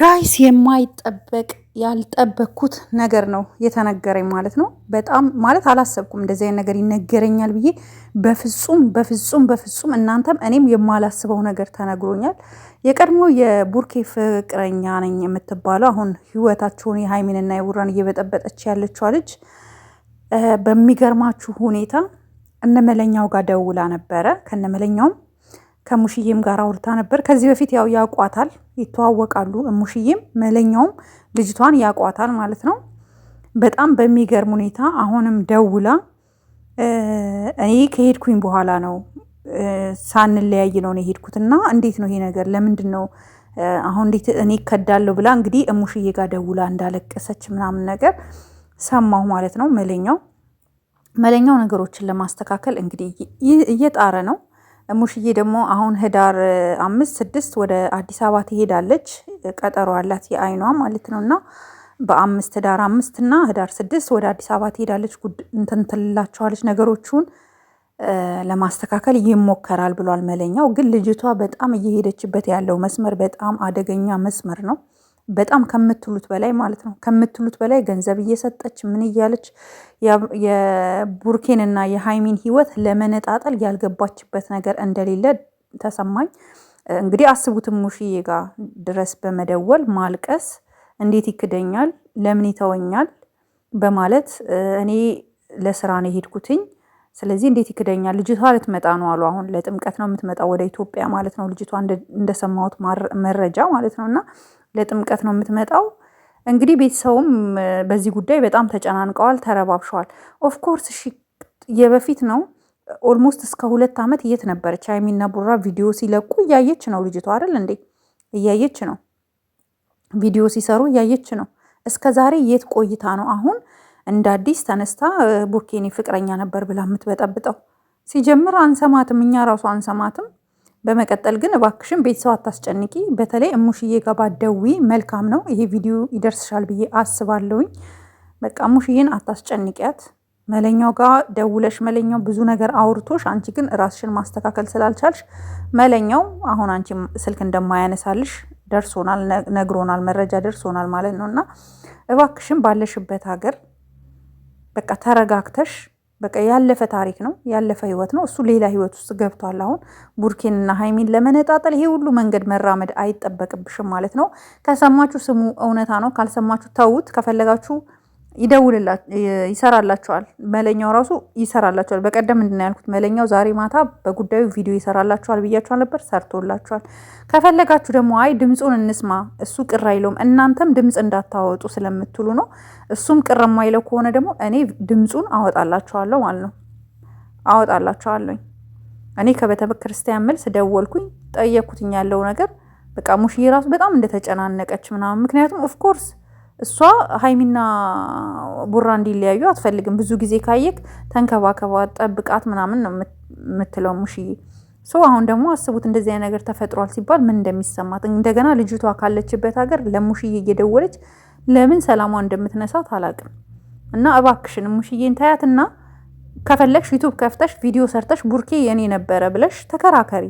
ጋይስ የማይጠበቅ ያልጠበቅኩት ነገር ነው የተነገረኝ ማለት ነው። በጣም ማለት አላሰብኩም እንደዚህ አይነት ነገር ይነገረኛል ብዬ በፍጹም በፍጹም በፍጹም እናንተም እኔም የማላስበው ነገር ተነግሮኛል። የቀድሞ የቡርኬ ፍቅረኛ ነኝ የምትባለው አሁን ህይወታችሁን የሀይሚንና የቡራን እየበጠበጠች ያለችዋ ልጅ በሚገርማችሁ ሁኔታ እነመለኛው ጋር ደውላ ነበረ ከነመለኛውም ከሙሽዬም ጋር አውርታ ነበር። ከዚህ በፊት ያው ያቋታል፣ ይተዋወቃሉ። ሙሽዬም መለኛውም ልጅቷን ያቋታል ማለት ነው። በጣም በሚገርም ሁኔታ አሁንም ደውላ እኔ ከሄድኩኝ በኋላ ነው ሳንለያይ ነው የሄድኩት እና እንዴት ነው ይሄ ነገር ለምንድን ነው አሁን እንዴት እኔ እከዳለሁ ብላ እንግዲህ እሙሽዬ ጋር ደውላ እንዳለቀሰች ምናምን ነገር ሰማሁ ማለት ነው። መለኛው መለኛው ነገሮችን ለማስተካከል እንግዲህ እየጣረ ነው። ሙሽዬ ደግሞ አሁን ህዳር አምስት ስድስት ወደ አዲስ አበባ ትሄዳለች። ቀጠሮ አላት የአይኗ ማለት ነው እና በአምስት ህዳር አምስት እና ህዳር ስድስት ወደ አዲስ አበባ ትሄዳለች። ጉድ እንትን ትልላቸዋለች ነገሮቹን ለማስተካከል ይሞከራል ብሏል መለኛው። ግን ልጅቷ በጣም እየሄደችበት ያለው መስመር በጣም አደገኛ መስመር ነው። በጣም ከምትሉት በላይ ማለት ነው። ከምትሉት በላይ ገንዘብ እየሰጠች ምን እያለች የቡርኬን እና የሀይሚን ህይወት ለመነጣጠል ያልገባችበት ነገር እንደሌለ ተሰማኝ። እንግዲህ አስቡት፣ ሙሽዬ ጋ ድረስ በመደወል ማልቀስ እንዴት ይክደኛል? ለምን ይተወኛል? በማለት እኔ ለስራ ነው የሄድኩትኝ ስለዚህ እንዴት ይክደኛል? ልጅቷ ልትመጣ ነው አሉ። አሁን ለጥምቀት ነው የምትመጣ ወደ ኢትዮጵያ ማለት ነው ልጅቷ እንደሰማሁት መረጃ ማለት ነው እና ለጥምቀት ነው የምትመጣው። እንግዲህ ቤተሰቡም በዚህ ጉዳይ በጣም ተጨናንቀዋል፣ ተረባብሸዋል። ኦፍኮርስ እሺ፣ የበፊት ነው ኦልሞስት እስከ ሁለት ዓመት የት ነበረች ሀይሚና ቡራ ቪዲዮ ሲለቁ እያየች ነው ልጅቷ አይደል እንዴ? እያየች ነው ቪዲዮ ሲሰሩ እያየች ነው። እስከ ዛሬ የት ቆይታ ነው አሁን እንደ አዲስ ተነስታ ቡርኬኔ ፍቅረኛ ነበር ብላ የምትበጠብጠው? ሲጀምር አንሰማትም፣ እኛ ራሱ አንሰማትም። በመቀጠል ግን እባክሽን ቤተሰብ አታስጨንቂ። በተለይ እሙሽዬ ጋር ባደዊ መልካም ነው። ይሄ ቪዲዮ ይደርስሻል ብዬ አስባለሁኝ። በቃ እሙሽዬን አታስጨንቂያት። መለኛው ጋር ደውለሽ መለኛው ብዙ ነገር አውርቶሽ፣ አንቺ ግን ራስሽን ማስተካከል ስላልቻልሽ መለኛው አሁን አንቺ ስልክ እንደማያነሳልሽ ደርሶናል፣ ነግሮናል፣ መረጃ ደርሶናል ማለት ነው እና እባክሽን ባለሽበት ሀገር በቃ ተረጋግተሽ በቃ ያለፈ ታሪክ ነው፣ ያለፈ ህይወት ነው። እሱ ሌላ ህይወት ውስጥ ገብቷል። አሁን ቡርኬንና ሀይሚን ለመነጣጠል ይሄ ሁሉ መንገድ መራመድ አይጠበቅብሽም ማለት ነው። ከሰማችሁ ስሙ፣ እውነታ ነው። ካልሰማችሁ ተዉት። ከፈለጋችሁ ይሰራላቸዋል። መለኛው ራሱ ይሰራላቸዋል። በቀደም ምንድን ነው ያልኩት? መለኛው ዛሬ ማታ በጉዳዩ ቪዲዮ ይሰራላቸዋል ብያቸዋል ነበር፣ ሰርቶላቸዋል። ከፈለጋችሁ ደግሞ አይ ድምፁን እንስማ፣ እሱ ቅር አይለውም፣ እናንተም ድምፅ እንዳታወጡ ስለምትሉ ነው። እሱም ቅር የማይለው ከሆነ ደግሞ እኔ ድምፁን አወጣላቸዋለሁ ማለት ነው፣ አወጣላቸዋለኝ። እኔ ከቤተ ክርስቲያን መልስ ደወልኩኝ፣ ጠየኩትኝ ያለው ነገር በቃ ሙሽዬ ራሱ በጣም እንደተጨናነቀች ምናምን ምክንያቱም ኦፍኮርስ እሷ ሀይሚና ቡራ እንዲለያዩ አትፈልግም። ብዙ ጊዜ ካየክ ተንከባከባ ጠብቃት ምናምን ነው የምትለው ሙሽዬ። ሶ አሁን ደግሞ አስቡት እንደዚያ ነገር ተፈጥሯል ሲባል ምን እንደሚሰማት እንደገና ልጅቷ ካለችበት ሀገር ለሙሽዬ እየደወለች ለምን ሰላሟ እንደምትነሳት አላቅም። እና እባክሽን ሙሽዬን ታያትና ከፈለግሽ ዩቱብ ከፍተሽ ቪዲዮ ሰርተሽ ቡርኬ የኔ ነበረ ብለሽ ተከራከሪ።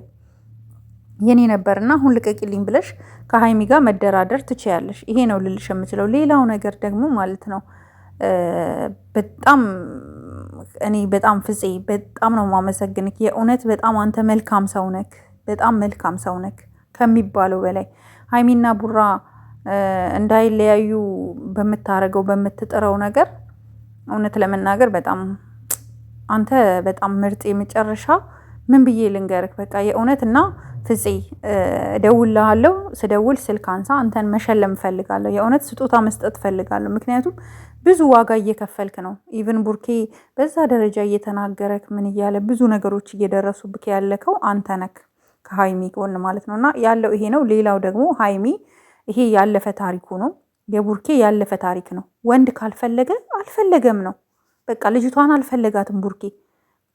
የኔ ነበርና አሁን ልቀቂልኝ ብለሽ ከሀይሚ ጋር መደራደር ትችያለሽ። ይሄ ነው ልልሽ የምችለው። ሌላው ነገር ደግሞ ማለት ነው በጣም እኔ በጣም ፍፄ በጣም ነው ማመሰግንክ። የእውነት በጣም አንተ መልካም ሰው ነክ፣ በጣም መልካም ሰው ነክ ከሚባለው በላይ ሀይሚና ቡራ እንዳይለያዩ በምታረገው በምትጥረው ነገር እውነት ለመናገር በጣም አንተ በጣም ምርጥ የመጨረሻ ምን ብዬ ልንገርክ በቃ የእውነት እና ፍፄ እደውልልሃለሁ። ስደውል ስልክ አንሳ። አንተን መሸለም እፈልጋለሁ። የእውነት ስጦታ መስጠት እፈልጋለሁ። ምክንያቱም ብዙ ዋጋ እየከፈልክ ነው። ኢቨን ቡርኬ በዛ ደረጃ እየተናገረክ ምን እያለ ብዙ ነገሮች እየደረሱብክ ያለከው አንተ ነክ ከሀይሚ ጎን ማለት ነው። እና ያለው ይሄ ነው። ሌላው ደግሞ ሀይሚ ይሄ ያለፈ ታሪኩ ነው። የቡርኬ ያለፈ ታሪክ ነው። ወንድ ካልፈለገ አልፈለገም ነው። በቃ ልጅቷን አልፈለጋትም ቡርኬ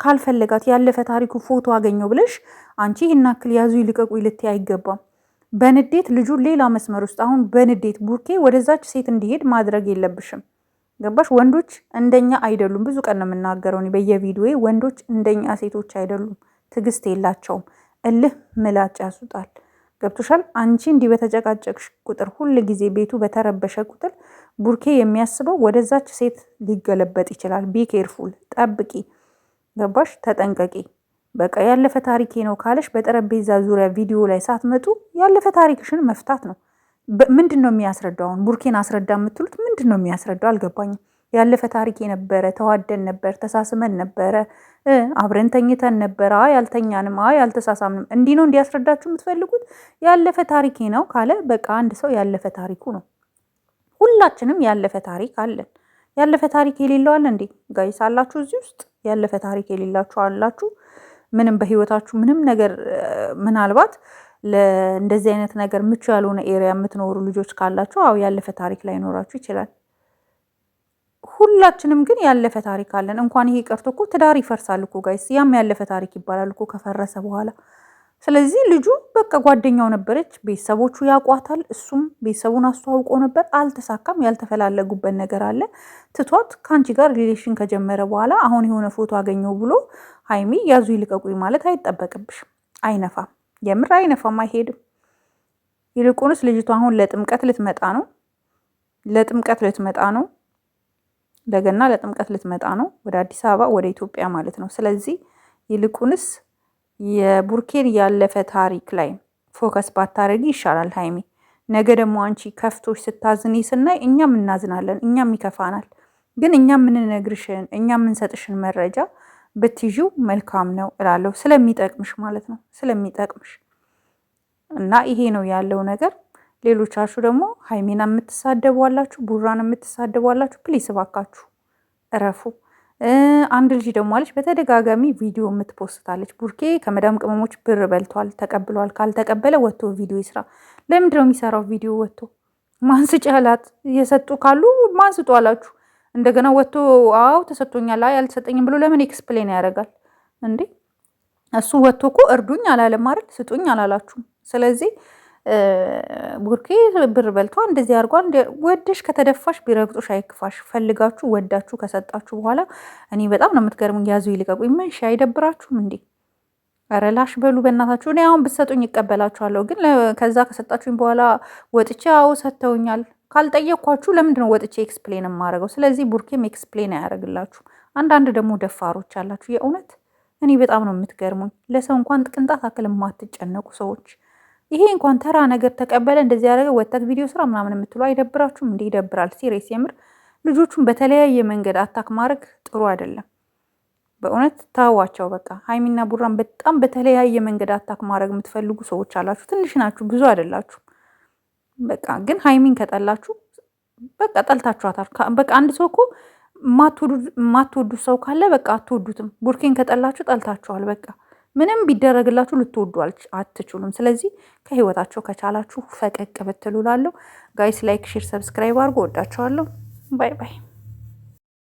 ካልፈለጋት ያለፈ ታሪኩ ፎቶ አገኘው ብለሽ አንቺ ይህን ያክል ያዙ ይልቀቁ ይልት አይገባም። በንዴት ልጁ ሌላ መስመር ውስጥ አሁን በንዴት ቡርኬ ወደዛች ሴት እንዲሄድ ማድረግ የለብሽም። ገባሽ? ወንዶች እንደኛ አይደሉም። ብዙ ቀን ነው የምናገረው በየቪዲዮ ወንዶች እንደኛ ሴቶች አይደሉም። ትዕግስት የላቸውም። እልህ ምላጭ ያሱጣል። ገብቶሻል? አንቺ እንዲህ በተጨቃጨቅሽ ቁጥር ሁል ጊዜ ቤቱ በተረበሸ ቁጥር ቡርኬ የሚያስበው ወደዛች ሴት ሊገለበጥ ይችላል። ቢ ኬርፉል ጠብቂ። ገባሽ? ተጠንቀቂ። በቃ ያለፈ ታሪኬ ነው ካለሽ በጠረጴዛ ዙሪያ ቪዲዮ ላይ ሳትመጡ ያለፈ ታሪክሽን መፍታት ነው። ምንድን ነው የሚያስረዳው? አሁን ቡርኬን አስረዳ የምትሉት ምንድን ነው የሚያስረዳው? አልገባኝም። ያለፈ ታሪክ ነበረ። ተዋደን ነበር፣ ተሳስመን ነበረ፣ አብረን ተኝተን ነበረ፣ አይ አልተኛንም፣ አይ አልተሳሳምንም። እንዲህ ነው እንዲያስረዳችሁ የምትፈልጉት? ያለፈ ታሪኬ ነው ካለ በቃ አንድ ሰው ያለፈ ታሪኩ ነው። ሁላችንም ያለፈ ታሪክ አለን። ያለፈ ታሪክ የሌለው አለ እንዴ ጋይስ? አላችሁ እዚህ ውስጥ ያለፈ ታሪክ የሌላችሁ አላችሁ። ምንም በህይወታችሁ ምንም ነገር ምናልባት ለእንደዚህ አይነት ነገር ምቹ ያልሆነ ኤሪያ የምትኖሩ ልጆች ካላችሁ አው ያለፈ ታሪክ ላይኖራችሁ ይችላል። ሁላችንም ግን ያለፈ ታሪክ አለን። እንኳን ይሄ ቀርቶ እኮ ትዳር ይፈርሳል እኮ ጋይስ፣ ያም ያለፈ ታሪክ ይባላል እኮ ከፈረሰ በኋላ ስለዚህ ልጁ በቃ ጓደኛው ነበረች፣ ቤተሰቦቹ ያውቋታል፣ እሱም ቤተሰቡን አስተዋውቆ ነበር። አልተሳካም። ያልተፈላለጉበት ነገር አለ። ትቷት ከአንቺ ጋር ሪሌሽን ከጀመረ በኋላ አሁን የሆነ ፎቶ አገኘው ብሎ ሀይሚ ያዙ ይልቀቁኝ ማለት አይጠበቅብሽም። አይነፋም፣ የምር አይነፋም፣ አይሄድም። ይልቁንስ ልጅቷ አሁን ለጥምቀት ልትመጣ ነው፣ ለጥምቀት ልትመጣ ነው፣ ለገና ለጥምቀት ልትመጣ ነው፣ ወደ አዲስ አበባ ወደ ኢትዮጵያ ማለት ነው። ስለዚህ ይልቁንስ የቡርኬን ያለፈ ታሪክ ላይ ፎከስ ባታደርጊ ይሻላል ሀይሚ። ነገ ደግሞ አንቺ ከፍቶች ስታዝኒ ስናይ እኛም እናዝናለን፣ እኛም ይከፋናል። ግን እኛ የምንነግርሽን እኛ የምንሰጥሽን መረጃ ብትይዥው መልካም ነው እላለሁ። ስለሚጠቅምሽ ማለት ነው ስለሚጠቅምሽ እና ይሄ ነው ያለው ነገር። ሌሎቻችሁ ደግሞ ሀይሜን የምትሳደቧላችሁ፣ ቡራን የምትሳደቧላችሁ፣ ፕሊስ እባካችሁ እረፉ። አንድ ልጅ ደግሞ አለች በተደጋጋሚ ቪዲዮ የምትፖስታለች። ቡርኬ ከመዳም ቅመሞች ብር በልቷል፣ ተቀብሏል። ካልተቀበለ ወጥቶ ቪዲዮ ይስራ። ለምንድነው የሚሰራው ቪዲዮ? ወጥቶ ማንስጭ አላት። የሰጡ ካሉ ማንስጡ አላችሁ። እንደገና ወጥቶ አው ተሰጥቶኛል፣ አይ አልተሰጠኝም ብሎ ለምን ኤክስፕሌን ያደርጋል እንዴ? እሱ ወጥቶ እኮ እርዱኝ አላለም አይደል? ስጡኝ አላላችሁም። ስለዚህ ቡርኬ ብር በልቷ እንደዚህ አድርጓል። ወደሽ ከተደፋሽ ቢረግጦሽ አይክፋሽ። ፈልጋችሁ ወዳችሁ ከሰጣችሁ በኋላ እኔ በጣም ነው የምትገርሙኝ። ያዙ ይልቀቁ። ምን ሺ አይደብራችሁም እንዴ? ረላሽ ላሽ በሉ በእናታችሁ። እኔ አሁን ብትሰጡኝ ይቀበላችኋለሁ፣ ግን ከዛ ከሰጣችሁኝ በኋላ ወጥቼ አዎ ሰጥተውኛል ካልጠየኳችሁ ለምንድን ነው ወጥቼ ኤክስፕሌን የማደርገው? ስለዚህ ቡርኬም ኤክስፕሌን አያደርግላችሁ። አንዳንድ ደግሞ ደፋሮች አላችሁ። የእውነት እኔ በጣም ነው የምትገርሙኝ። ለሰው እንኳን ጥቅንጣት አክል የማትጨነቁ ሰዎች ይሄ እንኳን ተራ ነገር ተቀበለ እንደዚህ ያደረገ ወጣት ቪዲዮ ስራ ምናምን የምትሉ አይደብራችሁም? እንዲህ ይደብራል። ሲሬስ የምር ልጆቹን በተለያየ መንገድ አታክ ማድረግ ጥሩ አይደለም። በእውነት ታዋቸው በቃ ሀይሚና ቡራን በጣም በተለያየ መንገድ አታክ ማድረግ የምትፈልጉ ሰዎች አላችሁ። ትንሽ ናችሁ፣ ብዙ አይደላችሁ። በቃ ግን ሀይሚን ከጠላችሁ በቃ ጠልታችኋታል። በቃ አንድ ሰው እኮ ማትወዱት ሰው ካለ በቃ አትወዱትም። ቡርኬን ከጠላችሁ ጠልታችኋል በቃ ምንም ቢደረግላችሁ ልትወዱ አትችሉም። ስለዚህ ከህይወታቸው ከቻላችሁ ፈቀቅ ብትሉላለሁ። ጋይስ ላይክ፣ ሼር፣ ሰብስክራይብ አድርጎ ወዳችኋለሁ። ባይ ባይ